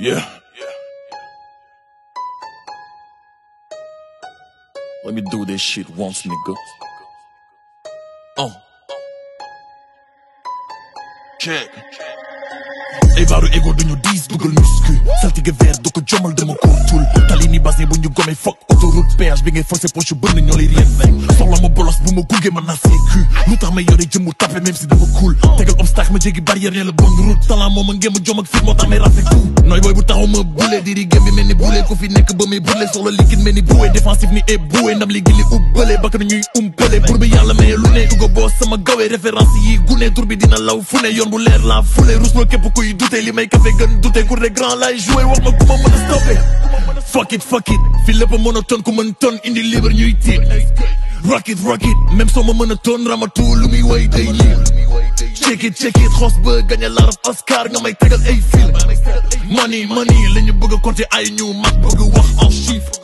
Yeah. Let me do this shit once, nigga. Oh. Check. Ey waaru ego duñu diis dugal muscu saltige vert du ko jomal dama ko tul tali ni bas ni gome fuck. voyage bi ngay forcé poche bënn ñoo lay yenn soxla ma bolos bu ma gunge mën naa sécu lu tax ma yore jëmmu tapé même si dama tegal obstacle ma jéggi barrière la bonne route talent moom a ngéem a tax may rafet nooy booy bu taxaw ma bulee diri gém bi ku fi nekk ba may burlee soxla liquide mel ni bouée défensif ni et li gilli ubbalee bakk na ñuy umpalee pour bi yàlla maye yi dute li may café gën dute cour des lay joué wax ku ma mën a rocket fuckit fi lépp monotone ku mën ton indi libre ñuy tiit rocket rocket soo ma mën a ton ramatu lu muy way day liir check it check it xos ba gañe la rab Oscar nga may tegal ay film money money la ñu bëgg a compter ay ñu ma bëgg wax en chiffre